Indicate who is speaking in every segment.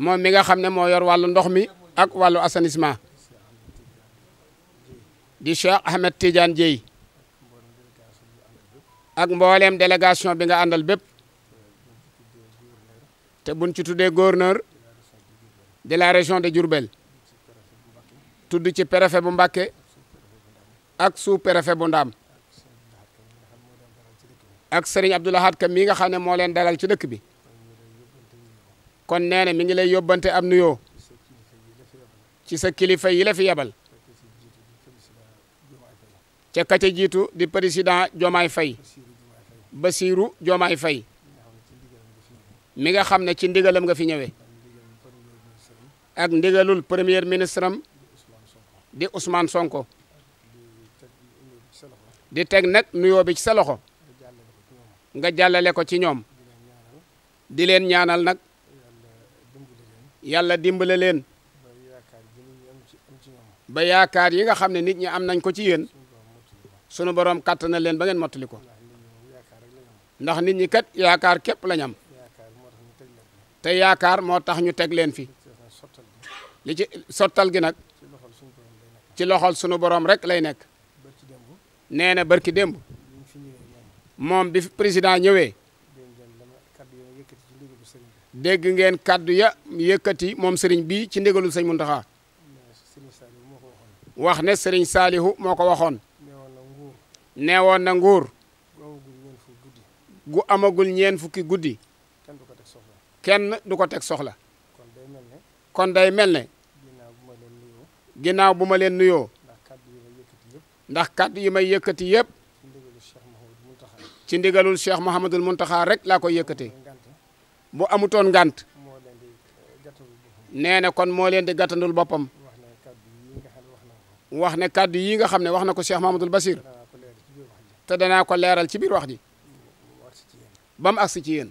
Speaker 1: moom mi nga xam ne moo yor wàllu ndox mi ak wàllu assainissement di Cheikh Ahmed Tidiane Dieye ak mboolem délégation bi nga àndal bépp te buñ ci tuddee gouverneur de la région de Diourbel tudd ci préfet bu Mbacké ak sous préfet bu Ndaam ak Serigne Abdoul Ahad Ka mi nga xam ne moo leen dalal ci dëkk bi kon nee mi ngi lay yóbbante am nuyoo ci sa kilifa yi la fi yebal ca ka ca di président Diomaye Faye Bassirou Diomaye Faye mi nga xam ne ci ndigalam nga fi ñëwee ak ndigalul premier ministre di Ousmane Sonko di teg nag nuyoo bi ci sa loxo nga jàllale ko ci ñoom di leen ñaanal nag. yàlla dimbale leen ba yaakaar yi nga xam ne nit ñi am nañ ko ci yéen sunu borom kàtt na leen ba ngeen mottali ko ndax nit ñi kat yaakaar képp lañ am te yaakaar moo tax ñu teg leen fi li ci sottal gi nag ci loxol sunu boroom rek lay nekk nee na barki démb moom bi président ñëwee dégg ngeen kàddu ya yëkkati moom sëriñ bi ci ndigalul sëñ Muntaxa wax ne sëriñ Saalihu moo ko waxoon neewoon na nguur gu amagul ñeen fukki guddi kenn du ko teg soxla kon day mel ne ginnaaw bu ma leen nuyoo ndax kàddu yi may yëkkati yëpp ci ndigalul Cheikh Mouhamadul Muntaxa rek laa ko yëkkati bu amutoon ngant eh, nee na kon moo leen di gàttandul boppam wax ne kàddu yii nga xam ne wax na ko Cheikh Mahamadoul Basir te danaa ko leeral ci biir wax ji ba mu ci yéen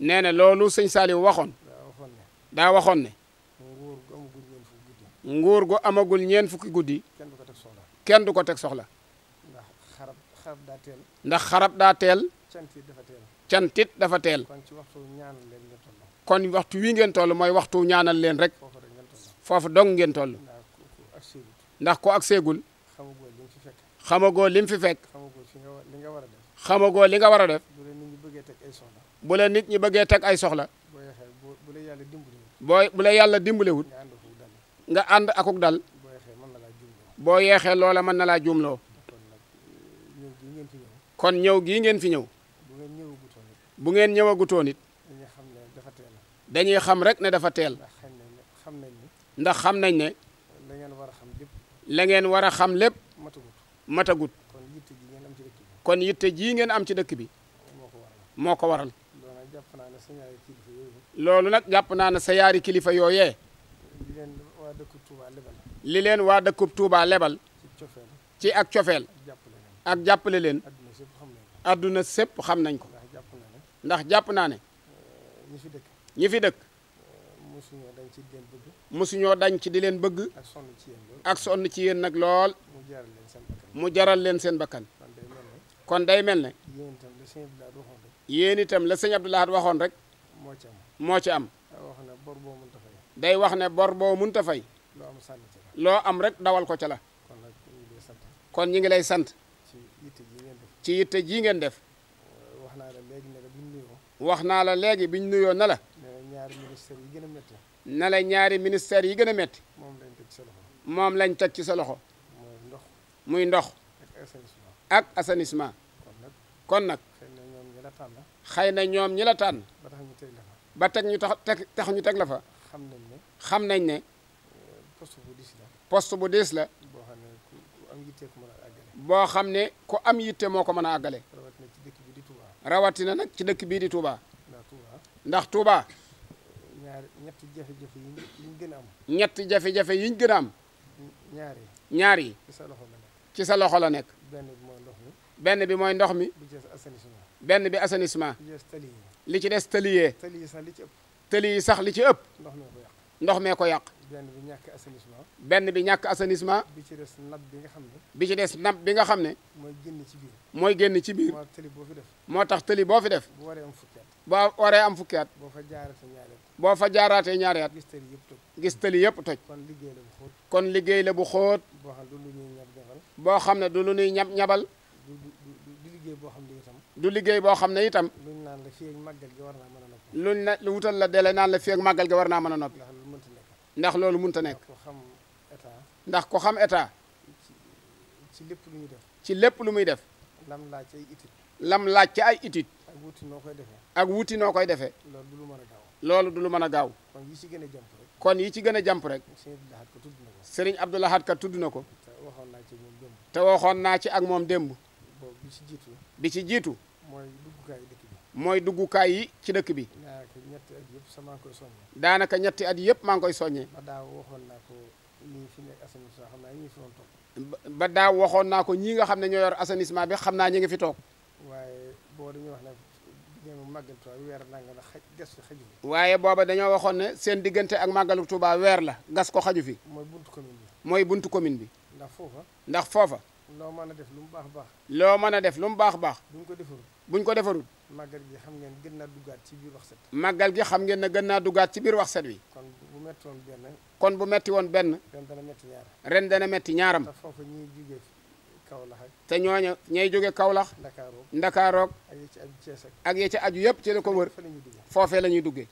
Speaker 1: nee na loolu sëñ Saliou waxoon daa waxoon ne nguur gu amagul ñeen fukki guddi kenn du ko teg soxla ndax xarab daa teel cantit dafa teel. cantit dafa teel. kon
Speaker 2: ci waxtu ñaanal leen ngeen toll.
Speaker 1: kon waxtu wi ngeen toll mooy waxtu ñaanal leen rek. foofu dong ngeen toll. ndax ko ak seegul. xamagoo lim fi fekk. xamagoo lim fi fekk. xamagoo li nga war a def. xamagoo li nga war a def. bu la nit ñi bëggee teg ay soxla. bu la nit ñi bëggee teg ay soxla. bu la yàlla dimbaliwul. booy bu la yàlla dimbaliwul. nga ànd akuk dal. boo yeexee loola mën na laa juumloo. kon ñëw gii ngeen fi ñëw. bu ngeen ñëwagutoon it. bu ngeen ñëwagutoon it. dañuy xam ne dafa teel. dañuy xam rek ne dafa teel. ndax xam nañ ne. ndax xam nañ ne.
Speaker 2: la ngeen war a xam lépp.
Speaker 1: la war a xam lépp. matagut matagut.
Speaker 2: kon yitte ji ngeen am ci dëkk bi.
Speaker 1: kon yitte jii ngeen am ci dëkk bi. moo ko waral. loolu nag jàpp naa ne sa yaari kilifa yooyee. li
Speaker 2: leen waa dëkkub Touba
Speaker 1: li leen waa dëkkub Touba lebal. ci ak cofeel. ak jàppale leen. àdduna sépp xam nañ ko. ndax jàpp naa ne. Euh, ñi fi dëkk. ñi fi dëkk. Euh,
Speaker 2: mosuñoo dañ ci di leen bëgg. mosuñoo dañ ci di leen bëgg. ak sonn ci yéen ak
Speaker 1: sonn ci yéen nag lool. mu jaral leen seen bakkan. mu jaral leen seen bakkan. kon day mel ne.
Speaker 2: yéen itam la sëñ waxoon
Speaker 1: rek. yéen itam la sëñ Abdoulaye waxoon rek. moo ci am moo ci am.
Speaker 2: wax ne bor boo mënta fay.
Speaker 1: day wax ne bor boo mënta fay.
Speaker 2: loo am loo
Speaker 1: am rek dawal ko ca la. kon nag kon ñu ngi lay sant. ci yitte ji ngeen def.
Speaker 2: wax naa la léegi ne la biñ nuyoo.
Speaker 1: wax naa la léegi biñ nuyoo na la.
Speaker 2: ñaari ministères yi gën a metti
Speaker 1: ne la ñaari ministères yi gën a metti moom lañ teg ci sa loxo.
Speaker 2: moom lañ teg ci sa loxo.
Speaker 1: muy ndox. muy ndox. ak assainissement. kon nag. xëy na ñoom ñi la tànn. xëy na ñoom ñi tànn. ba tax ñu teg la fa. ba teg ñu tax tax ñu teg la fa. xam nañ ne. xam nañ ne.
Speaker 2: poste bu diis la.
Speaker 1: boo xam ne ku am yitte moo ko mën a àggale rawatina nag ci dëkk bii di Touba ndax Touba
Speaker 2: ñetti jafe-jafe yiñ gën a am
Speaker 1: ñetti jafe yiñ gën a am ñaar yi ci sa loxo la nekk ci sa loxo la nekk
Speaker 2: benn bi mooy ndox
Speaker 1: mi benn bi mooy ndox mi benn bi assainissement li ci des tali yi
Speaker 2: tali yi sax li ci ëpp
Speaker 1: yi sax li ci ëpp ndox mi ndox mee ko yàq.
Speaker 2: benn bi ñàkk assainissement.
Speaker 1: benn bi ñàkk assainissement.
Speaker 2: bi ci des napp bi nga xam ne.
Speaker 1: bi ci des napp bi nga xam ne.
Speaker 2: mooy génn ci biir. mooy génn ci biir. moo tax tëli boo fi def.
Speaker 1: moo tax tëli boo fi def. bu waree am fukki boo waree am fukki at. boo fa
Speaker 2: jaaraatee ñaari at. boo fa jaaraatee ñaari at. gis tëli yëpp toj. gis tëli yëpp toj. kon liggéey la bu xóot. liggéey la bu xóot.
Speaker 1: boo xam ne du lu ñuy ñab ñabal. boo xam
Speaker 2: ne du lu ñuy ñabal. liggéey boo xam ne itam.
Speaker 1: du liggéey boo xam ne itam.
Speaker 2: luñ naan la fii ak màggal gi a
Speaker 1: noppi. wutal la dele naan la fii màggal gi war naa mën a noppi ndax loolu mënut a nekk.
Speaker 2: ndax ko xam eta ci lépp lu muy def.
Speaker 1: ci lépp lu muy def.
Speaker 2: lam laaj ci ay études.
Speaker 1: laaj ci ay études. ak
Speaker 2: wuti noo koy defee.
Speaker 1: ak wuti noo koy defee. loolu du lu mën a gaaw. loolu du lu mën a gaaw.
Speaker 2: kon yi ci gën a jàmp rek. kon yi ci gën a jàmp rek. Serigne Abdou Lahad Ka tudd na ko. te waxoon naa ci ak moom démb.
Speaker 1: bi ci jiitu. bi ci jiitu.
Speaker 2: mooy duggukaay
Speaker 1: mooy duggukaay yi ci dëkk bi. daanaka
Speaker 2: ñetti at yëpp sama ngi koy soññee.
Speaker 1: daanaka ñetti at yëpp maa ngi koy soññee.
Speaker 2: ba daaw waxoon naa ko ñi fi naa ñi fi doon
Speaker 1: toog. ba naa ko ñii nga xam ne ñoo yor assainissement bi xam naa ñi ngi fi toog.
Speaker 2: waaye boo dañuy wax ne diggante weer naa nga la xaj gas fi xaju
Speaker 1: fi. waaye booba dañoo waxoon ne seen diggante ak màggalu Tuuba weer la gas ko xaju fi. mooy buntu commune bi. mooy buntu commune bi. ndax foofa. ndax foofa.
Speaker 2: loo mën a def lu mu baax baax.
Speaker 1: loo mën a def lu mu baax baax. buñ ko defarul buñ ko defarul.
Speaker 2: màggal gi xam ngeen gën naa duggaat ci biir wax set.
Speaker 1: màggal gi xam ngeen ne gën naa duggaat ci biir wax wi.
Speaker 2: kon bu metti woon benn.
Speaker 1: kon bu metti woon benn. ren dana metti ñaar. ren dana metti ñaaram. te foofu
Speaker 2: ñuy jóge Kaolack ak. te
Speaker 1: ñooñu ñay jóge Kaolack. Ndakaaroog Ndakaaroog. ak yi ci aju Cees ak. ak yi ci aju yëpp ci la ko wër. foofee la ñuy duggee.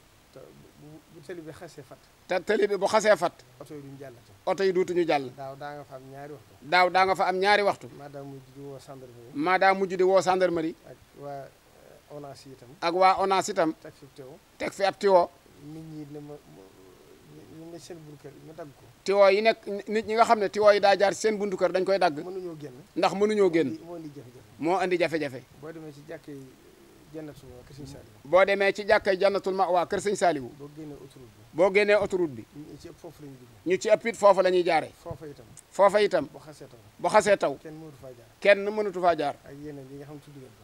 Speaker 2: tali bi xasee fat
Speaker 1: te tali bi bu xasee fat
Speaker 2: oto yi duñu jàllati
Speaker 1: oto dootuñu jàll daaw daa nga fa am ñaari waxtu daaw daa fa am ñaari waxtu
Speaker 2: maadaa mujj di woo gendarmerie maadaa mujj di woo gendarmerie ak waa eh, ONAS itam ak waa ONAS itam teg fi tiwo teg fi ab tiwo nit seen buntu ñu dagg ko
Speaker 1: tiwo yi nekk nit ñi nga xam ne tiwo yi daa jaar seen buntu kër dañ koy dagg mënuñoo génn ndax mënuñoo génn
Speaker 2: moo indi jafe-jafe
Speaker 1: moo indi jafe
Speaker 2: boo demee ci jàkkee yi jannatul mawa mee sëñ Saliou.
Speaker 1: boo demee ci jàkkay jannatul mawa kër sëñ Saliou. boo génnee autoroute bi.
Speaker 2: ñu ci ëpp foofu la ñuy
Speaker 1: ñu ci ëpp it foofu la ñuy jaaree. foofa itam. foofa itam. bu xasee taw bu xasee taw. kenn mënatu faa jaar. jaar.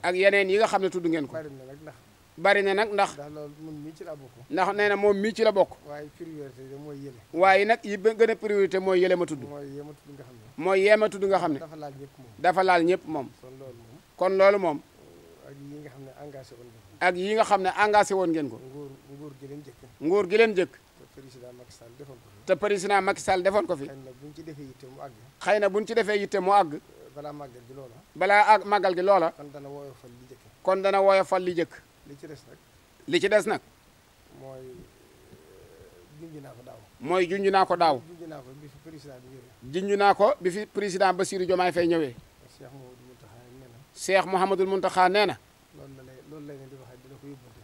Speaker 1: ak yeneen yi nga xam ne tudd ngeen ko. ak nga xam ne ngeen ko. na nag ndax. bari na nag ndax.
Speaker 2: ndax loolu moom mii ci la bokk. ndax nee na
Speaker 1: moom mii ci la bokk.
Speaker 2: waaye priorité bi mooy yële.
Speaker 1: waaye nag yi gën a priorité mooy yële ma tudd. mooy
Speaker 2: yéema tudd nga xam
Speaker 1: ne. mooy yéema tudd nga xam ne. dafa laal ñëpp moom. dafa moom. kon loolu moom.
Speaker 2: engagé woon ngeen
Speaker 1: ak yi nga xam ne engagé woon ngeen ko.
Speaker 2: nguur nguur gi jëkk.
Speaker 1: nguur gi leen jëkk. te
Speaker 2: président Macky Sall defoon ko
Speaker 1: fi. te président Macky Sall defoon ko fi. na
Speaker 2: bu ñu ci defee yitte mu àgg.
Speaker 1: xëy na bu ñu ci defee yitte mu àgg.
Speaker 2: balaa màggal gi loola.
Speaker 1: balaa ak màggal gi loola. kon
Speaker 2: dana woyofal li jëkk.
Speaker 1: kon dana woyofal li jëkk. li ci des nag. li ci des nag.
Speaker 2: mooy eh, junj naa ko daaw. mooy junj naa ko daaw.
Speaker 1: junj naa ko bi fi président bi ñëwee. junj naa ñëwee. Cheikh Mouhamadou Mountakha nee na. Cheikh nee na.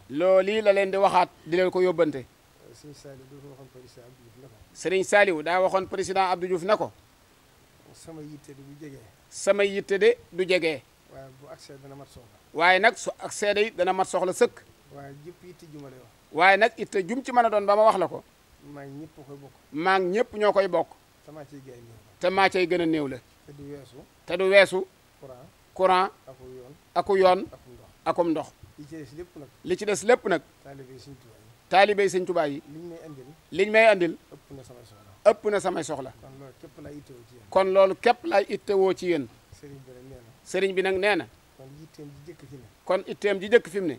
Speaker 1: loolu la leen di waxaat di leen ko yóbbante sëriñ Saliou daa waxoon président Abdou Diouf na ko
Speaker 2: sama yitte de du jege
Speaker 1: sama yitte de du jege
Speaker 2: waaye bu accès dana mat soxla
Speaker 1: waaye nag su accès day dana mat soxla sëkk
Speaker 2: waaye jëpp yitte ju ma lay
Speaker 1: waaye nag itte jum ci mën a doon ba ma wax la ko
Speaker 2: maa ngi ñëpp koy bokk
Speaker 1: maa ñëpp ñoo koy bokk te maa cay gën a néew te maa cay gën a néew la
Speaker 2: te du weesu te du weesu courant aku yoon aku yoon akum ndox akum ndox li ci des lépp nag. li ci des lépp nag.
Speaker 1: taalibey sëñ Tuubaa yi. sëñ Tuubaa yi. liñ may andil. liñ may andil.
Speaker 2: ëpp na samay soxla.
Speaker 1: ëpp na samay soxla.
Speaker 2: kon loolu képp laay
Speaker 1: ittewoo ci kon loolu képp laay ittewoo ci yéen. sëriñ bi nag nee na. nee na.
Speaker 2: kon itteem ji jëkk fi ne.
Speaker 1: kon itteem ji jëkk fi mu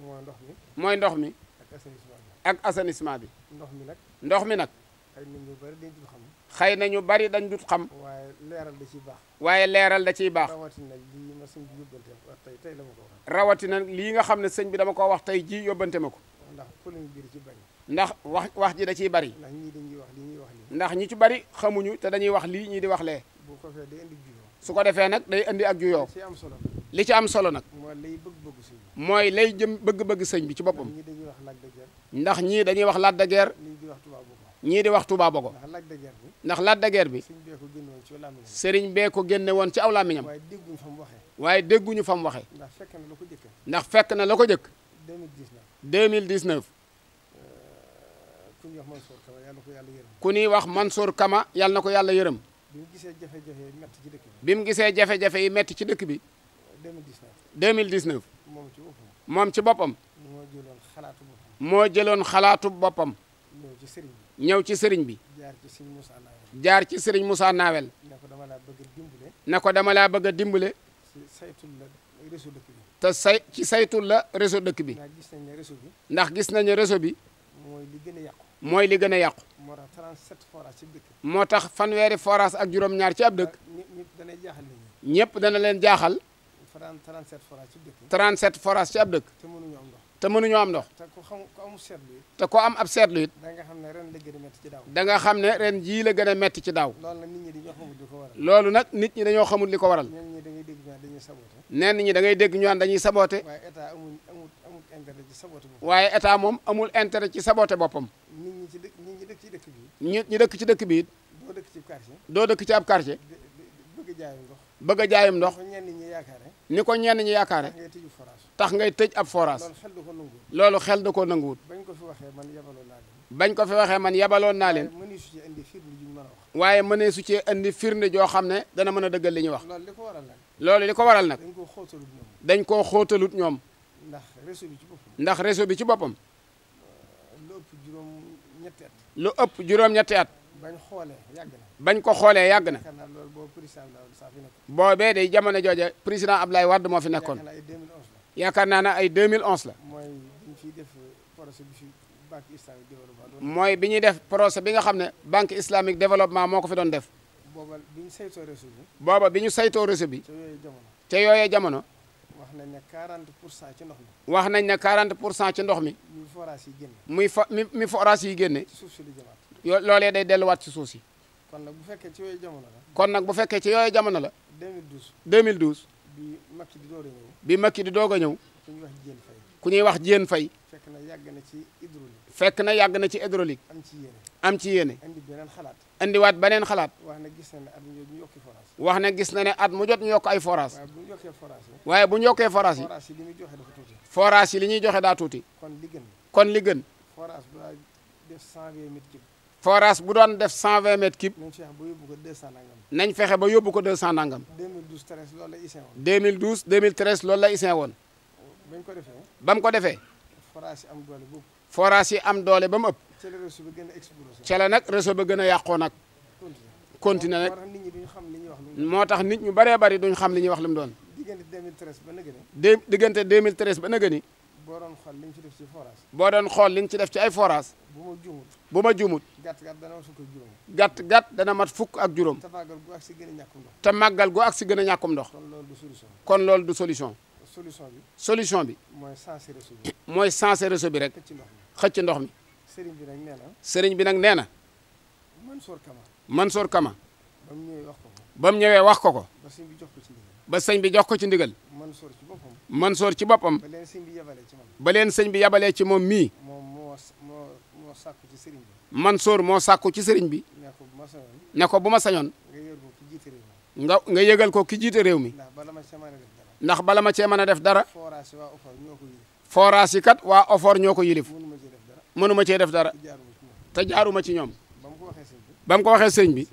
Speaker 1: mooy ndox mi. mooy ndox mi. ak assainissement bi. ak assainissement bi. ndox mi nag. ndox mi nag. xëy na ñu xëy na bari dañ dut xam.
Speaker 2: waaye leeral da ciy baax.
Speaker 1: waaye leeral da ciy baax.
Speaker 2: rawatina lii ma sëñ bi yóbbante tey tey la ko
Speaker 1: rawatina lii nga xam ne sëñ bi dama ko wax tey ji yóbbante ma ko.
Speaker 2: ndax polémique bi da ciy bari.
Speaker 1: ndax wax wax ji da ciy bari. ndax ñii dañuy wax lii ñuy wax lii. ndax ñi ci bari xamuñu te dañuy wax lii ñii di wax lee. bu ko fee day su ko defee nag day indi ak juyoo. li ci
Speaker 2: am solo nag. li ci am solo nag. mooy lay bëgg-bëgg mooy lay
Speaker 1: jëm bëgg-bëgg sëñ bi ci boppam. ndax ñii dañuy wax Lac de Guiers. ñii di wax Touba Bogo.
Speaker 2: ndax Lac de Guiers bi sëriñ bee ko génne woon ci aw làmmiñam waaye dégguñu fa mu waxee ndax
Speaker 1: fekk na la ko jëkk 2019
Speaker 2: euh,
Speaker 1: ku ñuy wax Mansour Kama yàlla na ko yàlla yërëm bi mu gisee jafe-jafe yi metti ci dëkk bi 2019 moom ci boppam moo jëloon xalaatu boppam ñaw ci sëriñ bi.
Speaker 2: jaar ci sëriñ Moussa Nawel. jaar ci sëriñ Moussa Nawel. ne ko dama laa bëgg a dimbale. ne ko dama laa
Speaker 1: bëgg a dimbale.
Speaker 2: ci saytul la réseau dëkk bi.
Speaker 1: te say ci saytul la réseau dëkk bi. ndax gis nañ ne réseau bi. ndax gis nañ ne bi.
Speaker 2: mooy li gën a yàqu.
Speaker 1: mooy li gën a yàqu.
Speaker 2: moo tax 37 forage ci dëkk.
Speaker 1: moo tax fanweeri forage ak juróom-ñaar ci ab dëkk.
Speaker 2: ñëpp dana jaaxal
Speaker 1: ñëpp dana leen jaaxal.
Speaker 2: 37 forage ci dëkk. 37
Speaker 1: forage ci ab dëkk. te mënuñu am ndox. te mënuñoo am ndox.
Speaker 2: te ku xam ku am te ku am ab seetlu it. da nga xam ne ren la gën
Speaker 1: a ci daaw. da nga xam ne ren jii la gën a métti ci daaw. loolu nag nit ñi dañoo xamul li ko waral. loolu nag
Speaker 2: nit ñi dañoo xamul li ko
Speaker 1: waral. ñenn ñi da ngay dégg ñu dañuy saboté. ñenn ñi da ngay dégg ñu naan dañuy saboté. waaye
Speaker 2: état amul amul amul intérêt ci waaye état moom
Speaker 1: amul intérêt ci saboté boppam.
Speaker 2: nit ñi ñi dëkk ci dëkk bi. nit ñi dëkk
Speaker 1: ci dëkk bi doo dëkk ci ab quartier. bëgg a jaayum bëgg a jaayum ndox
Speaker 2: ni ko ñenn ñi yaakaare
Speaker 1: tax ngay tëj ab forage
Speaker 2: loolu xel da koo nanguwut bañ
Speaker 1: ko fi waxee man yabaloon naa leen waaye mënee su cee indi nde joo xam ne dana mën a dëggal li ñuy wax
Speaker 2: loolu li ko waral nag dañ koo
Speaker 1: xóotalut ñoom ndax réseau bi ci boppam lu ëpp juróom-ñetti at
Speaker 2: bañ xoolee yàgg
Speaker 1: bañ ko xoolee yàgg na. boobee day jamono jooja président Abdoulaye Wade moo fi nekkoon. yaakaar naa ne ay 2011 la.
Speaker 2: mooy bi ñu fiy def projet bi fi banque
Speaker 1: mooy bi ñuy def projet bi nga xam ne banque islamique développement moo ko fi doon def.
Speaker 2: booba bi ñu saytoo réseau bi.
Speaker 1: booba bi ñu saytoo réseau bi. ca yooyee jamono. ca yooyee jamono.
Speaker 2: wax nañ ne 40 pour cent ci ndox mi.
Speaker 1: wax nañ ne 40 pour cent ci ndox mi. muy yi génne. muy fo mi forage yi génne. suuf si lu jëmaat. yoo loolee day delluwaat ci suuf si.
Speaker 2: kon nag bu fekkee ci yooyu jamono la.
Speaker 1: kon nag bu fekkee ci yooyu jamono la. 2012 2012.
Speaker 2: bi Macky di doog a ñëw.
Speaker 1: bi Macky di doog a ñëw. ku ñuy wax Diène Faye. ku ñuy wax Diène Faye.
Speaker 2: fekk na yàgg na ci hydraulique.
Speaker 1: fekk na yàgg na ci hydraulique. am ci yéene. am ci yéene. andi beneen xalaat. andiwaat beneen xalaat.
Speaker 2: wax na gis na ne at mu jot ñu wax na gis na ne at mu jot ñu yokk ay forage waaye bu ñu yokkee forage yi. waaye bu ñu yokkee forage yi.
Speaker 1: forage yi li muy joxe dafa tuuti. li ñuy joxe daa tuuti. kon li gën. kon li gën.
Speaker 2: forage bu def 120 mètres cubes.
Speaker 1: forage bu doon def cent vingt mètres cube. nañ fexe ba yóbbu ko deux cent nangam. nañ
Speaker 2: fexe ba yóbbu ko deux cent nangam.
Speaker 1: 2012 13 la ISEN woon. 2012 ko defee. ba mu ko yi am doole ba mu ëpp. forage yi am doole ba mu ëpp.
Speaker 2: ca la réseau bi gën a
Speaker 1: explosé. ca la nag réseau ba gën a yàqoo nag. continué moo tax nit ñu bëree bëri duñ xam li ñuy wax li mu doon.
Speaker 2: diggante 2013 ba nëgëni.
Speaker 1: diggante 2013 ba nëgëni.
Speaker 2: boo doon xool li ñu ci def ci forage.
Speaker 1: boo doon xool li ñu ci def ci ay forage bu
Speaker 2: ma juumut bu ma juumut
Speaker 1: gàtt gàtt dana mat fukk ak juróom te
Speaker 2: màggal gu ak si gën a ñàkkum ndox te
Speaker 1: màggal gu ak si gën a ñàkkum ndox kon loolu du solution solution bi solution bi
Speaker 2: mooy sensé réseau bi
Speaker 1: mooy sensé réseau bi rek xëcc ndox mi
Speaker 2: sëriñ bi nag nee na
Speaker 1: sëriñ bi nag nee na Mansour Kama Mansour Kama
Speaker 2: ba mu ñëwee wax ko ko
Speaker 1: ba mu ñëwee wax ko ko
Speaker 2: ba sëñ bi jox ko ci ndigal ba sëñ
Speaker 1: bi jox ko ci ndigal
Speaker 2: Mansour ci boppam Mansour ci boppam ba leen sëñ bi yabalee ci moom
Speaker 1: ba leen sëñ bi yabalee ci moom mii
Speaker 2: moom moo moo Mansour moo sàkku ci sëriñ bi
Speaker 1: ne ko bu ma sañoon nga nga yëgal ko ki ndax bala ma cee mën a def dara forage yi kat waa OFOR ñoo ko yilif mënuma cee def dara te jaaruma ci ñoom ba ko waxee sëriñ bi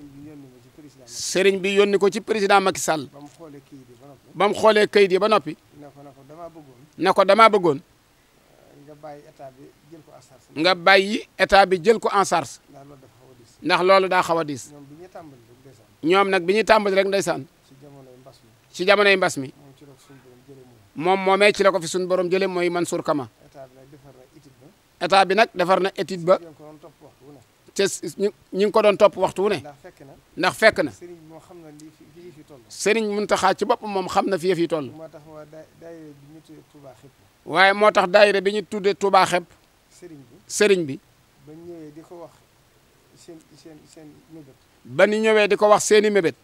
Speaker 1: sëriñ bi yónni ko ci président Macky Sall ba mu xoolee kayit yi ba noppi ne ko bëggoon nga bàyyi état bi jël ko en charge ndax loolu daa xaw a diis ñoom nag bi ñuy tàmbali rek ndeysaan ci jamonoy mbas mi moom moomee ci la ko fi suñu borom jëlee mooy Mansour Kama état bi nag defar na étude ba te ñu ngi ko doon topp waxtu wu ne ndax fekk na Serigne Mountakha ci boppam moom xam na fi yëf yi toll
Speaker 2: waaye moo tax daayira
Speaker 1: bi ñu tuddee Touba xepp sëriñ bi.
Speaker 2: ba ñu ñëwee di ko wax seen seen seen mébét. ba ñëwee di ko wax seen i mébét.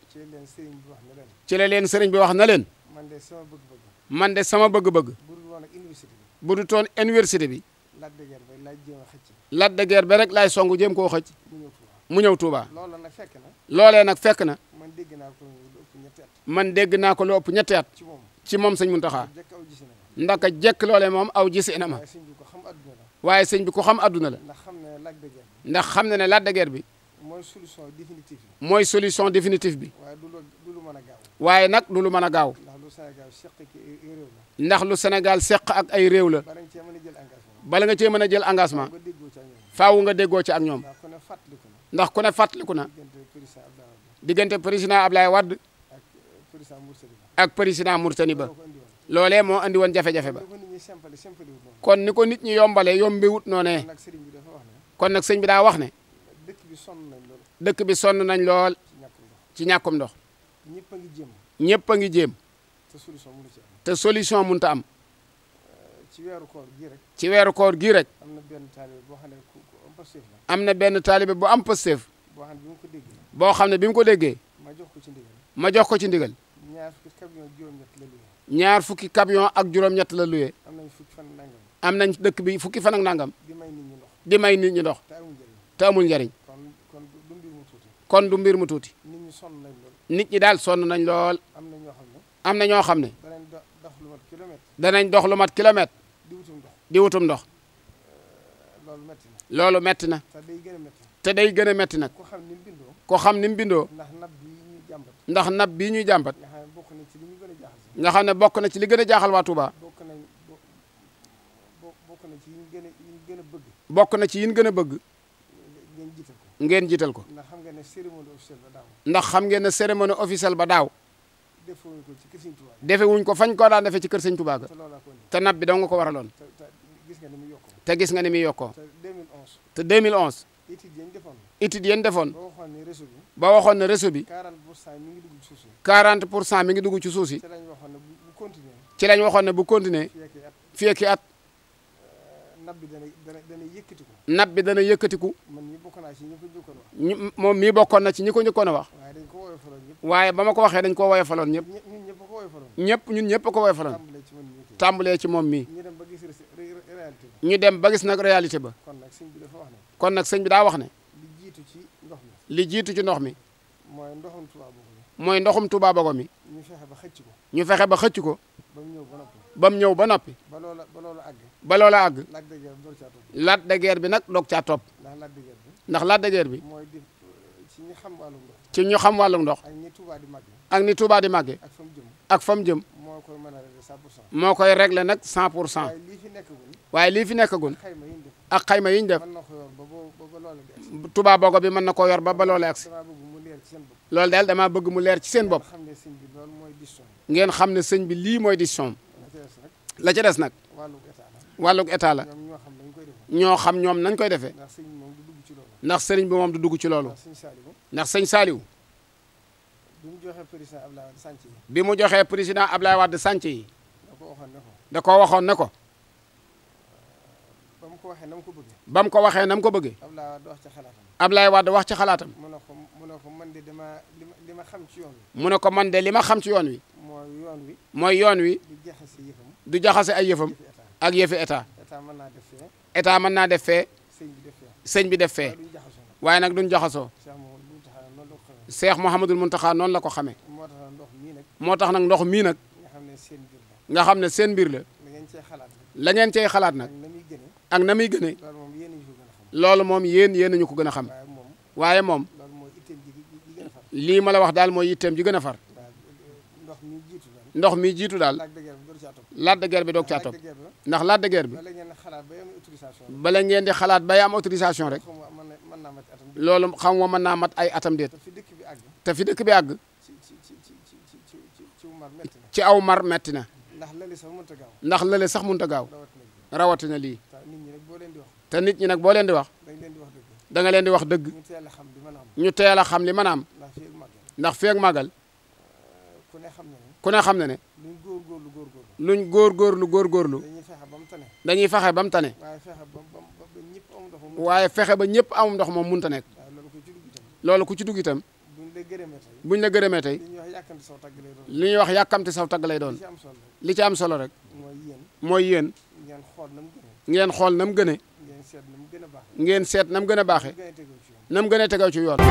Speaker 1: ci la leen sëriñ bi wax na leen. ci leen sëriñ bi wax na leen.
Speaker 2: man de sama bëgg-bëgg.
Speaker 1: man de sama bëgg-bëgg.
Speaker 2: bu dul woon ak université
Speaker 1: bi. bu dul toon université bi.
Speaker 2: Lac de Guiers ba laay jéem a
Speaker 1: xëcc. Lac de songu jéem koo xëcc. mu ñëw Touba. loolee nag fekk na. loolee nag fekk na. man dégg naa ko lu ëpp ñetti man dégg naa ko lu ëpp ñetti at. ci moom sañ sëñ Muntaxa. ndaka jekk loolee moom aw gis na ma. waaye sëñ bi ko xam àdduna la. ndax xam na ne Lac de ndax xam na ne Lac de bi.
Speaker 2: mooy solution définitive bi. mooy solution définitive bi. waaye du lu mën a gaaw.
Speaker 1: waaye nag du lu mën a gaaw. ndax lu Sénégal seq ak ay réew la. ndax lu Sénégal seq ak ay réew la. bala nga cee mën a jël engagement. bala nga cee mën a jël engagement. faaw nga déggoo ci ak ñoom. ndax ku ne fàttaliku na. diggante na président Ablaye Wade. ak euh, président Mourtani Ba. loolee moo andi woon jafe-jafe ba. kon ni ko nit ñi yombale yombewut noonee kon nag sëñ bi daa wax ne dëkk bi sonn nañ lool ci ñàkkum ndox ñëpp a ngi jéem ñëpp a ngi jéem te solution mënut a am euh,
Speaker 2: ci weeru koor gi rek
Speaker 1: ci weeru koor gii rek
Speaker 2: am na benn taalibe boo xam am Pastef
Speaker 1: na benn taalibe bu am Pastef boo xam ne bi mu ko déggee ma jox ko ci ndigal ñaar fukki camion ak juróom-ñett la luye am nañ dëkk bi fukki fan ak nangam di may nit ñi ndox te amul njariñ kon du mbir mu tuuti nit ñi daal sonn nañ lool am na ñoo xam ne
Speaker 2: danañ dox lu mat kilomètre
Speaker 1: di wutum ndox eh, loolu metti na te day gën a metti nag ko xam ni mu bindoo. ndax nab bii ñuy jàmbat nga xam ne bokk na ci li gën a jaaxal waa tubaa bokk na ci yin gën a bëgg ngeen jiital ko ndax xam ngeen ne cérémonie officielle ba daaw defe wuñ ko fañ koo daan defee ci kër sëñ Touba ga te nab bi dong nga ko waraloon te gis nga ni muy yokkoo
Speaker 2: te 2011 étude yéen defoon
Speaker 1: étude yéen defoon ba waxoon na réseau bi. 40 pour cent mi ngi dugg ci suuf si. 40 pour cent mi ngi ci lañ waxoon ne bu continuer. ci lañ waxoon ne bu continuer. fii ak i at. Euh,
Speaker 2: nab bi dana dana
Speaker 1: bi dana yëkkatiku. man mii
Speaker 2: bokkoon naa ci ñi ko
Speaker 1: ñu moom mii bokkoon ci ñi ko njëkkoon wax. waaye dañ ko woyofaloon ñëpp. waaye ba ma ko waxee dañ ko woyofaloon ñëpp. ñun ñëpp a ñëpp ñun ñëpp a ko woyofaloon. tàmbalee ci ñu dem ba gis réalité nag réalité ba. kon nag sëñ ne. kon nag sëñ bi daa wax ne. li jiitu ci ndox mi.
Speaker 2: mooy ndoxum Touba Bogo
Speaker 1: mi. mooy ndoxum Touba Bogo mi. ñu fexe ba xëcc ko. ñu fexe ba xëcc ko. ba mu ñëw ba noppi. ba mu ñëw ba noppi. ba
Speaker 2: loola ba loola àgg. ba loola àgg.
Speaker 1: Lac de Guiers bi nag doog caa topp. ndax Lac de bi. ndax Lac de bi. mooy di
Speaker 2: ci ñu xam wàllum ndox. ci ñu xam wàllum ndox. ak ni Touba di màggee. ak
Speaker 1: ni Touba di màggee. ak fa mu jëm. ak fa jëm.
Speaker 2: moo koy mën a régler 100 pour cent. moo koy régler nag 100 pour cent. waaye
Speaker 1: lii fi nekkagul. waaye lii fi nekkagul. ak xayma yi ñu def tubaab boogo bi mën na koo yor ba ba loolee agsi loolu daal dama bëgg mu leer ci seen bopp ngeen xam ne sëñ bi lii mooy décision la ca des nag wàllug état la ñoo xam ñoom nañ koy defee
Speaker 2: ndax sëriñ bi moom du dugg ci loolu
Speaker 1: ndax sëñ Saliou bi mu joxee président Ablaye Wade sànc yi da koo waxoon ne ko
Speaker 2: ko waxee na mu ko bëggee. ba ko waxee na mu ko bëggee. Ablaye Wade wax ci xalaatam. Ablaye wax ci xalaatam. mu ne ko mu ne ko man de dama li ma xam ci yoon wi.
Speaker 1: ne ko man li ma xam ci yoon wi. mooy yoon wi. yoon wi.
Speaker 2: du jaxase yëfam.
Speaker 1: du jaxase ay yëfam. ak yëfi état. état man naa def fee. état mën naa def fee. sëñ bi def fee. bi def fee. waaye nag duñ jaxasoo. seex Muhammadul Muntaxa noonu la ko xamee. moo tax nag ndox mii nag. nga xam ne seen mbir la. nga xam ne seen mbir la. da ngeen cee xalaat. la ngeen cey xalaat nag ak na muy gëne loolu moom yéen yéen nañu ko gën a xam waaye moom lii ma la wax daal mooy yitteem ji gën a far
Speaker 2: ndox mi jiitu daal Lac de
Speaker 1: Guiers bi doog caa topp ndax Lac de Guiers bi bala ngeen di xalaat bay am autorisation rek loolu xam nga mën naa mat ay atam déet te fi dëkk bi àgg ci aw mar metti na ndax lale sax mënta gaaw ndax lale sax mënta gaaw rawatina lii te nit ñi nag boo leen di wax da nga leen di wax dëgg ñu teel a xam li manaam a am ndax feeg màggal euh, ku ne xam na ne luñ góorgóorlu góorgóorlu
Speaker 2: dañuy fexe ba mu tane waaye fexe
Speaker 1: ba ñëpp amum ndox moom munta nekk loolu ku ci dugg itam buñ la gërëmee tey li ñuy wax yàkkamti saw tagg lay doon li ci am solo rek mooy yéen ngeen xool nam gëne ngeen seet nam gën a baaxe nam gën a tegaw ci yoon